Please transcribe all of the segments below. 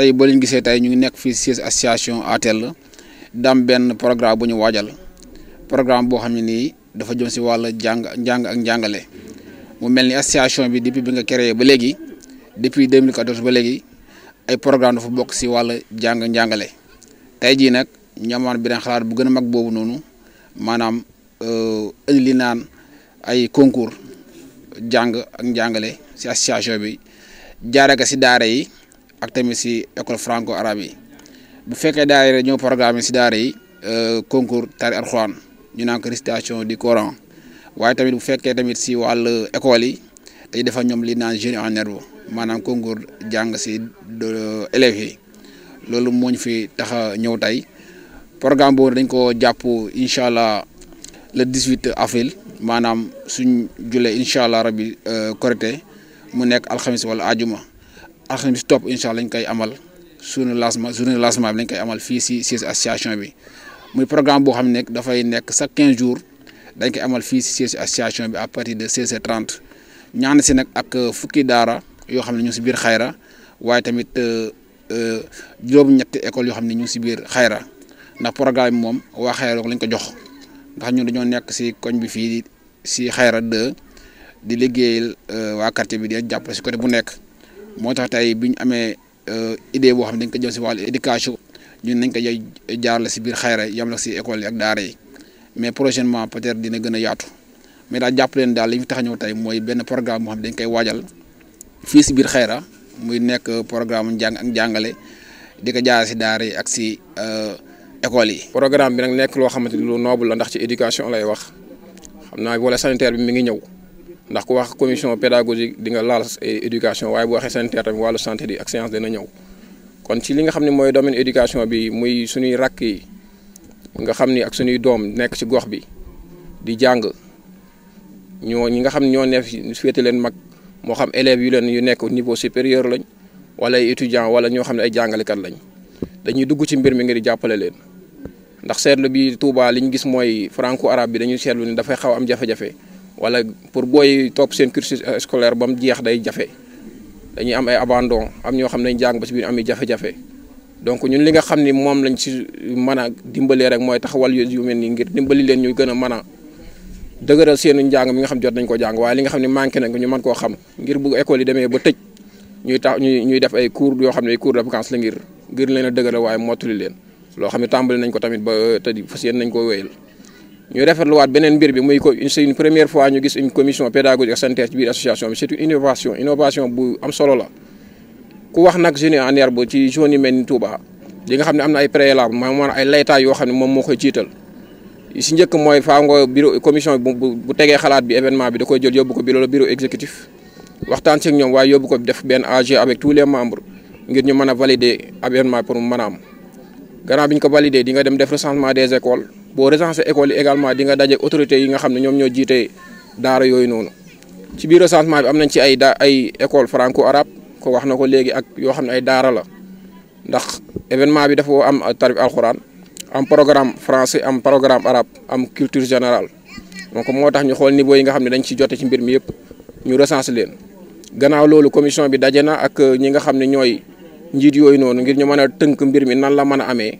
tey boo leen gisee tey ñu ngi nekk fii siège association ATL daam benn programme bu ñu waajal programme boo xam ne nii dafa jëm si wàll jàng njàng ak njàngale mu mel ni association bi depuis bi nga créé ba léegi depuis 2014 ba léegi ay programme dafa bokk si wàll jàng njàngale tey jii nag bi beneen xalaat bu gën a mag boobu noonu maanaam euh, indi li naan ay concours jàng ak njàngale si association bi jaaree ko si daara yi. ak tamit si école franco arabe yi bu fekkee daara ñoo programme si daara yi euh, concours tari alxuraan ñu naan ko récitation du Coran waaye tamit bu fekkee tamit si wàll école yi dañuy defal ñoom li naan génie en herbe maanaam concours jàng si euh, élève yi loolu moo ñu fi taxa ñëw tey programme boobu dañ ko jàpp incha allah le 18 avril maanaam suñ julee incha allah rabi euh, korité mu nekk alxamis wala ajuma ak ñu topp incha lañ koy amal suñu lancement journée lancement bi lañ koy amal fii si siège association bi muy programme boo xam ne dafay nekk chaque quinze jours dañ koy amal fii si siège association bi à partir de seize heures trente ñaan si nag ak euh, fukki daara yoo xam ne ñu si biir xayra waaye tamit euh, euh, juróom-ñetti école yoo xam ne ñu si biir xayra ndax programme bi moom waa xayra lañ ko jox ndax ñun dañoo nekk si koñ bi fii si xayra 2 di liggéeyal waa quartier bi di jàpp si côté bu nekk. moo tax tey bi ñu amee euh, idée boo xam ne dañ ko jëm si wàllu éducation ñun nañ ko jaarale si biir xayra yam la si école yi ak daara yi mais prochainement peut-être dina gën a yaatu mais daal jàpp leen daal li ñu tax a ñëw tey mooy benn programme dañ koy waajal fii si biir xayra muy nekk programme njàng ak jàngale di ko jaarale si daara yi ak si euh, école yi. programme bi nag nekk loo xamante ni lu noobu la ndax ci éducation lay wax xam naa volet sanitaire bi mi ngi ñëw. ndax ku wax commission pédagogique di nga laal éducation waaye bu waxee sanitaire tamit wàllu santé di ak science dina ñëw kon ci li nga xam ne mooy domaine éducation bi muy suñuy rakk yi nga xam ni ak suñuy doom nekk ci gox bi di jàng ñoo ñi nga xam ne ñoo neef féete leen mag moo xam élève yu leen yu nekk niveau supérieur lañ wala ay étudiants wala ñoo xam ne ay jàngalekat lañ dañuy dugg ci mbir mi ngir jàppale leen ndax seetlu bi Touba li ñu gis mooy franco arabe bi dañuy seetlu ni dafay xaw am jafe wala pour booy topp seen cursus euh, scolaire ba mu jeex day jafe dañuy am ay abandon am ñoo xam ne jàng ba si biir am i jafe-jafe donc ñun li nga xam ni moom lañ si mën a dimbalee rek mooy taxawal yu mel nii ngir dimbali leen ñu gën a mën a dëgëral seenu njàng mi nga xam jot nañ ko jàng waaye li nga xam ne manqué nañ ko ñu mën koo xam ngir bu école yi demee ba tëj ñuy tax ñuy ñuy def ay cours yoo xam ne ay cours de vacances la ngir ngir leen a dëgëral waaye mottali leen loo xam ne tàmbali nañ ko tamit ba euh, tëj fas yéen nañ ko wéyal ñu rafetluwaat beneen mbir bi muy ko c'est première fois ñu gis une commission pédagogique sanitaire ci biir association bi c'est innovation innovation bu am solo la ku wax nag jeune en herbe ci zone yu mel ni Touba li nga xam ne am na ay préalable maanaam ay laytaay yoo xam ne moom moo koy jiital si njëkk mooy faa nga bureau commission bu bu tegee xalaat bi événement bi da koy jël yóbbu ko bureau bureau exécutif waxtaan ci ak ñoom waaye yóbbu ko def benn AG avec tous les membres ngir ñu mën a valider événement pour mu mën a am gannaaw bi ko valider di nga dem def recensement des écoles. boo recensé école yi également di nga dajeek autorités yi nga xam ne ñoom ñoo jiite daara yooyu noonu ci biir recensement bi am nañ ci ay da ay école franco arabe ko wax na ko léegi ak yoo xam ne ay daara la ndax événement bi dafa am tarif alxuraan am programme français am programme arabe am culture générale donc moo tax ñu xool niveau yi nga xam ne dañ ci jote ci mbir mi yëpp ñu recensé leen gannaaw loolu commission bi daje na ak ñi nga xam ne ñooy njiit yooyu noonu ngir ñu mën a tënk mbir mi nan la mën a amee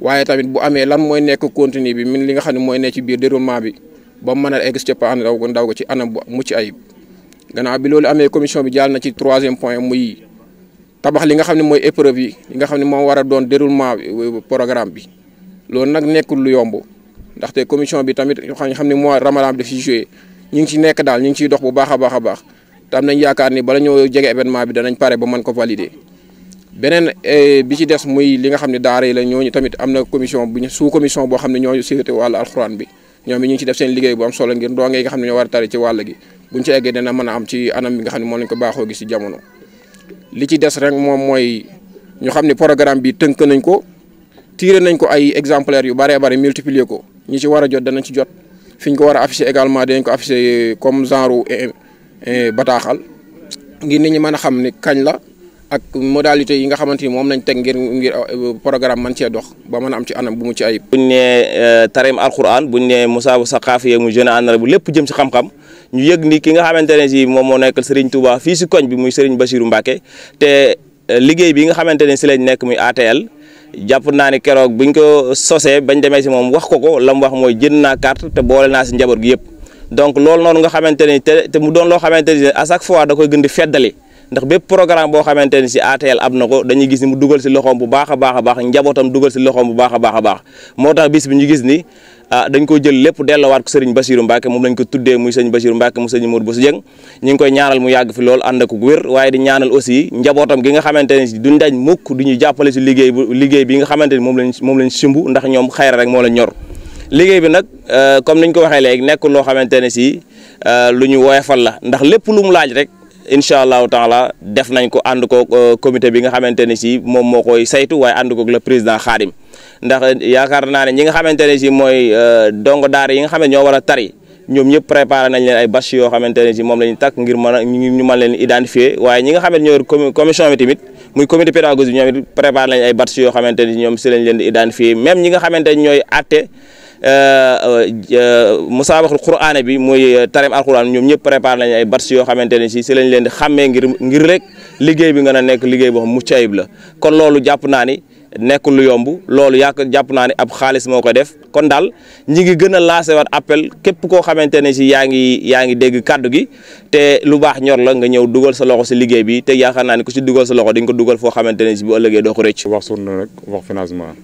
waaye tamit bu amee lan mooy nekk contenu bi mu li nga xam ne mooy nekk ci biir déroulement bi ba mën a egg cëppaan daw ko ndaw ko ci anam bu mucc ayib gannaaw bi loolu amee commission bi jàll na ci troisième point muy tabax li nga xam ne mooy épreuve nga xam ne moo war a doon déroulement euh, programme bi loolu nag nekkul lu yomb ndaxte commission bi tamit xam xam ne mois ramadan bi daf ci joué ñu ngi ci nekk daal ñu ngi ciy dox bu baax a baax a am nañ yaakaar ni bala ñoo jege événement bi danañ pare ba mën ko valider. beneen eh, bi ci des muy li nga xam ne daara yi la ñooñu tamit am na commission bu ñu sous commission boo xam ne ñoo séete wàllu alxuraan bi ñoom it ñu ngi ci def seen liggéey bu am solo ngir ndongo yi nga xam ne ñoo a tari ci a am li ci des rek moom mooy ñu xam ne programme bi tënk nañ ko tiré nañ ko ay exemplaires yu bëree bëri multiplier ko ñi ci war a jot danañ ci jot fi ñu ko war a afficher également dinañ ko afficher comme genre eh, eh, bataaxal ngir nit ñi mën a xam ne kañ la ak modalité yi nga xamante ni moom lañ teg ngir ngir programme man cee dox ba mën a am ci anam bu mu ci ayib. buñ ne euh, tarim alquran buñ ne Moussa bu saqaafi mu jeune àndara bu lépp jëm si xam-xam ñu yëg ni ki nga xamante ne si moom moo nekk Serigne Touba fii si koñ bi muy Serigne Bassirou Mbacké te euh, liggéey bi nga xamante ne si lañ nekk muy ATL. jàpp naa ni keroog buñ ko sosee bañ demee si moom wax ko ko la mu wax mooy jënd naa carte te boole naa si njaboot gi yëpp donc loolu noonu nga xamante ni te mu doon loo xamante ni à fois da koy gën di ndax bépp programme boo xamante ni si ATL am na ko dañu gis ni mu dugal si loxoom bu baax a baax a baax njabootam dugal si loxoom bu baax a baax a baax moo tax bis bi ñu gis ni a ah, dañ ko jël lépp dellowaat ko sëriñ Basiru Mbàkke moom lañ ko tuddee muy sëriñ Basiru Mbàkke mu sëriñ Modou Bousso Dieng ñu ngi koy ñaanal mu yàgg fi lool ànd ak wér waaye aussi njabootam gi nga xamante ne si duñ dañ mukk du ñuy jàppale si liggéey bu liggéey bi nga xamante ni moom lañ moom lañ sumb ndax ñoom xayra rek moo la ñor liggéey bi nag euh, comme niñ ko waxee léegi nekkul loo xamante ne si euh, lu ñu woyofal la ndax lépp lu mu laaj rek incha allahu taala def nañ ko ànd ko euh, comité bi nga xamante ne si moom moo koy saytu waaye ànd koog le président Xaadim ndax euh, yaakaar naa ne ñi nga xamante ne si mooy euh, dongo daara yi nga xam ne ñëpp si moom la ñu ngir mën a ñu mën leen identifier waaye ñi nga xam ne ñoo commission muy comité pédagogique bi ñoom it préparé ay bâche yoo xamante ne si ñoom si lañ leen di identifier même ñi nga xamante ne ñooy atte Euh, euh, musaabaxul quraana bi muy euh, tareem alquran ñoom ñëpp prépare nañ ay batch yoo xamante ne si si lañ leen di xàmmee ngir ngir rek liggéey bi nga a nekk liggéey boo xam mucc ayib la kon loolu jàpp naa ni nekk lu yomb loolu yàq jàpp naa ne ab xaalis moo ko def kon daal ñi ngi gën a lancé waat appel képp koo xamante ne si yaa ngi yaa ngi dégg kàddu gi te lu baax ñor la nga ñëw dugal sa loxo si liggéey bi te yaakaar naa ne ku si dugal sa loxo di nga ko dugal foo xamante ne si bu ëllëgee doo ko rëcc. wax sonn nag wax financement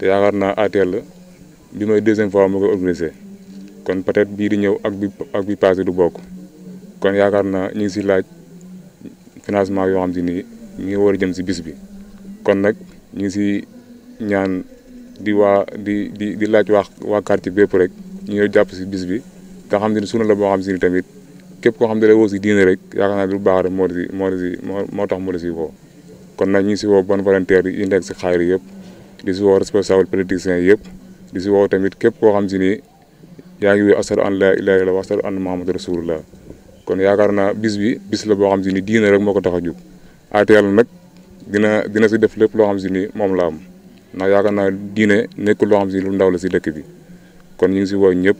te yaakaar naa ATL bi mooy deuxième fois moo koy organisé kon peut-être bii di ñëw ak bi ak bi du bokk kon yaakaar naa ñu ngi si laaj financement yoo xam si ni ñu war a jëm si bis bi kon nag ñu ngi si ñaan di waa di di di laaj waa waa quartier bépp rek ñu ñëw jàpp si bis bi te xam ne sunu la boo xam si ni tamit képp koo xam ne da woo si diine rek yaakaar naa lu baax rek moo di moo di moo tax moo di si woo kon nag ñu ngi si woo bonne volontaire yi nekk si xaar yëpp di si woo responsable politicien yëpp. di si woo tamit képp koo xam si ni yaa ngi wéy ashadu an laa ilaaha illallaah wa ashadu anna muhammadan rasulullah kon yaakaar naa bis bi bis la boo xam si ni diina rek moo ko tax a jóg aate yàlla nag dina dina si def lépp loo xam si ni moom la am ndax yaakaar naa diine nekk loo xam si ni lu ndaw la si dëkk bi kon ñu ngi si woo ñëpp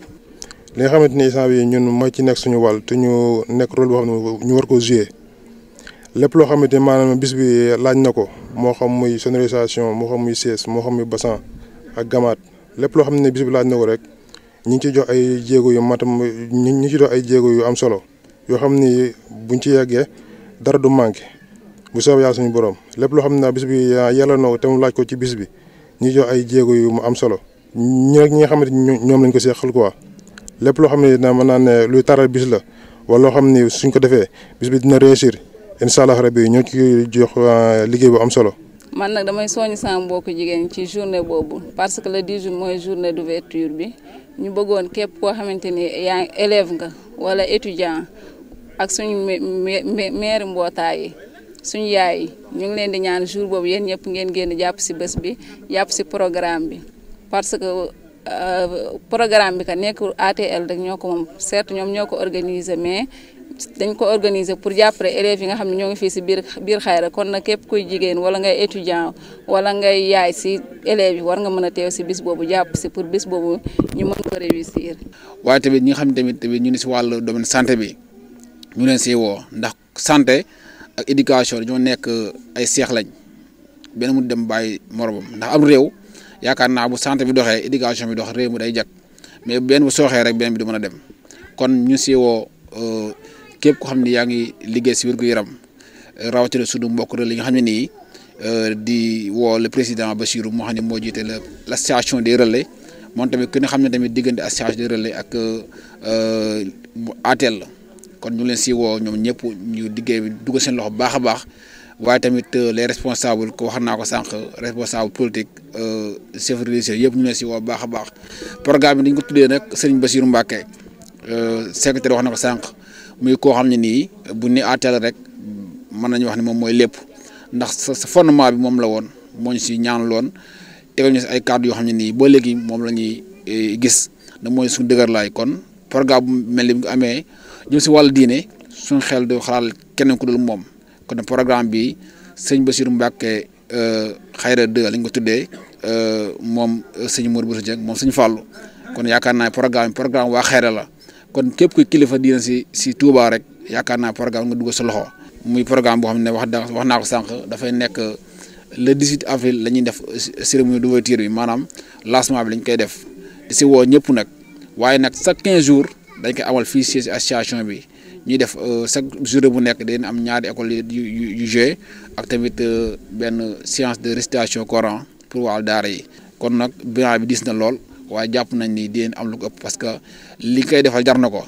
li nga xamante ni instant bi ñun mooy ci nekk suñu wàll te ñu nekk rôle boo xam ne ñu war ko jouer lépp loo xamante ni maanaam bis bi laaj na ko moo xam muy sonorisation moo xam muy sees moo xam muy bassan ak gamaat lépp loo xam ne bis bi laaj na rek ñi ngi ci jox ay jéego yu matam ñi ngi ci jox ay jéego yu am solo yoo xam ni buñ ci yeggee dara du manqué bu soob yàlla suñu borom lépp loo xam ne bis bi yàlla na ko laaj ko ci bis bi ñi jox ay jéego yu mu am solo ñi rek nga xamante ñoom lañ ko seexal quoi lépp loo xam ne na mën naa ne luy taral bis la wala loo xam ne suñ ko defee bis bi dina réussir incha allah rabi ñoo ci jox ah, liggéey bu am solo man nag damay soññ sama mbokku jigéen ci journée boobu parce que le jour juin mooy journée d'ouverture bi ñu bëggoon képp koo xamante ni yaa élève nga wala étudiant ak suñu maire mbootaay yi suñu yaay yi ñu ngi leen di ñaan jour boobu yéen ñëpp ngeen di jàpp si bés bi jàpp si programme bi parce que euh, programme bi ka nekkul ATL rek ñoo ko moom certes ñoom ñoo ko organiser mais dañ ko organiser pour jàppale élèves yi nga xam ne ñoo ngi fii si biir biir xayra kon nag képp kuy jigéen wala ngay étudiant wala ngay yaay si élèves yi war nga mën a teew si bis boobu jàpp si pour bis boobu ñu mën ko réussir. waaye tamit ñi nga xam ne tamit tamit ñu ngi si wàllu domaine santé bi ñu leen siy woo ndax santé ak éducation dañoo nekk ay seex lañ benn mu dem bàyyi moromam ndax am réew yaakaar naa bu santé bi doxee éducation bi dox réew mu day jag mais benn bu sooxee rek benn bi du mën a dem kon ñu si képp ko xam ne yaa ngi liggéey si wér-gu-yaram rawatina du mbokk rek li nga xam ne nii euh, di woo le président Bassirou moo xam ne moo jiite la des relais moom tamit ku ne xam ne tamit diggante association des relais ak euh, ATL la kon ñu leen si woo ñoom ñëpp ñu liggéey bi dugg seen loxo baax a baax waaye tamit euh, les responsables ko wax naa ko sànq responsable politique chef religieux yëpp ñu leen si woo baax a baax programme bi dañ ko tuddee nag Serigne Bassirou Mbacké secrétaire wax na ko sànq. muy koo xam ne nii bu ni ATL rek mën nañu wax ne moom mooy lépp ndax sa sa fondement bi moom la woon mooñu si ñaan loon tegal ñu si ay kàddu yoo xam ne nii boo léegi moom la ñuy eh, gis da mooy suñu dëgër laay kon programme bu mel ni amee jëm si wàllu diine suñu xel du xalaal keneen ku dul moom kon programme bi sëñ Bassirou Mbacké eh, xayra 2 lañ ko tuddee eh, moom sëñ Mourou Bousso Dieng moom sëñ Fallou kon yaakaar naa programme programme waa xayra la. kon képp kuy kilifa diina si si Touba rek yaakaar naa programme nga dugg sa loxo muy programme boo xam ne wax da wax naa ko sànq dafay nekk le 18 avril la ñuy def euh, cérémonie d'ouverture bi maanaam lancement bi lañ koy def di si woo ñëpp nag waaye nag chaque quinze jours dañ koy amal fii si association bi ñuy def euh, chaque journée bu nekk dañ am ñaari école yu yu yu ak tamit euh, benn séance de récitation coran pour wàllu daara yi kon nag bilan bi diis na lool. waaye jàpp nañ ni dinañ am lu ko ëpp parce que li koy defal jar na ko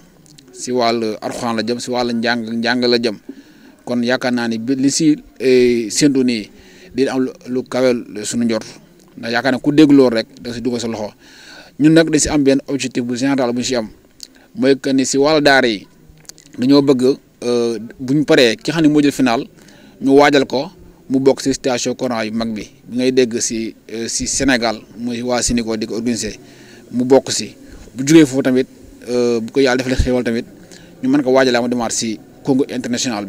si wàllu arxaan la jëm si wàllu njàng njàng la jëm kon yaakaar naa ni bi li si e, séntu nii dina am lu kawel suñu njort ndax yaakaar naa ku dégg loolu rek da si dugal sa loxo ñun nag di si am benn objectif bu général bu ñu si am mooy que ni si wàllu daara yi dañoo bëgg e, bu ñu paree ki xam ne moo jël final ñu waajal ko. mu bokk si station courant yu mag bi ngay dégg si si euh, Sénégal muy waa siniko di ko organiser mu bokk si bu jugee foofu tamit euh, bu ko yàlla defalee xéwal tamit ñu mën ko waajal ama demaat si concours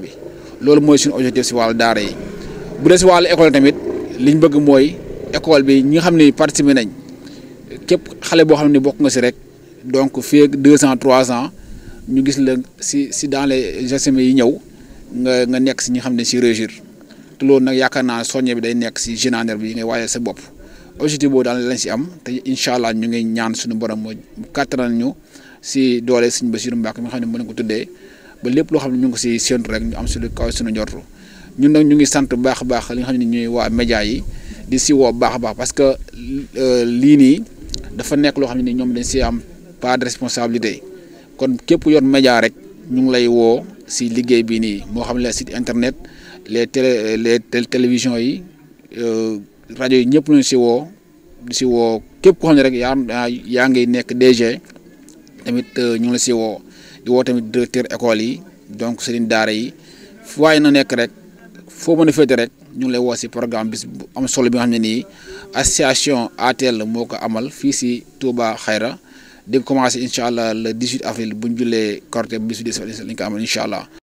bi loolu mooy suñu objectif si wàllu daara bu dee si wàllu école tamit liñ bëgg mooy école bi ñi nga xam ne participé nañ képp xale boo xam ne bokk nga si rek donc fii deux ans trois ans ñu gis la si si dans les GCM yi ñëw nga nga nekk si ñu xam ne si réussir. loolu nag yaakaar naa soññe bi day nekk si général bi yi ngay waajal sa bopp objectif boobu daal lañ si am te incha allah ñu ngi ñaan suñu borom mu kàttanal ñu si doole Sëriñ Bassirou Mbacké mi nga xam ne mën na ko tuddee ba lépp loo xam ñu ngi ko si séntu rek ñu am si lu kaw suñu njortu ñun nag ñu ngi sant bu baax a baax li nga xam ne ñuy waa média yi di si baax a baax parce que euh, lii nii dafa nekk loo xam ne ñoom dañ si am pas de responsabilité kon képp yoon média rek ñu ngi lay woo si liggéey bii nii moo xam ne site internet les télé les télévisions yi euh, rajo yi ñëpp luñ si woo di si woo képp koo xam ne rek yaa yaa ngi nekk DG tamit euh, ñu ngi la si woo di woo tamit directeur école yi donc sëriñ daara yi fu waaye na nekk rek foo mën a féete rek ñu ngi lay woo si programme bis bu am solo bi nga xam ne nii association ATL moo ko amal fii si Touba Xayra di commencé incha allah le 18 avril bu ñu jullee Korité bis bi di lañ ko amal incha allah.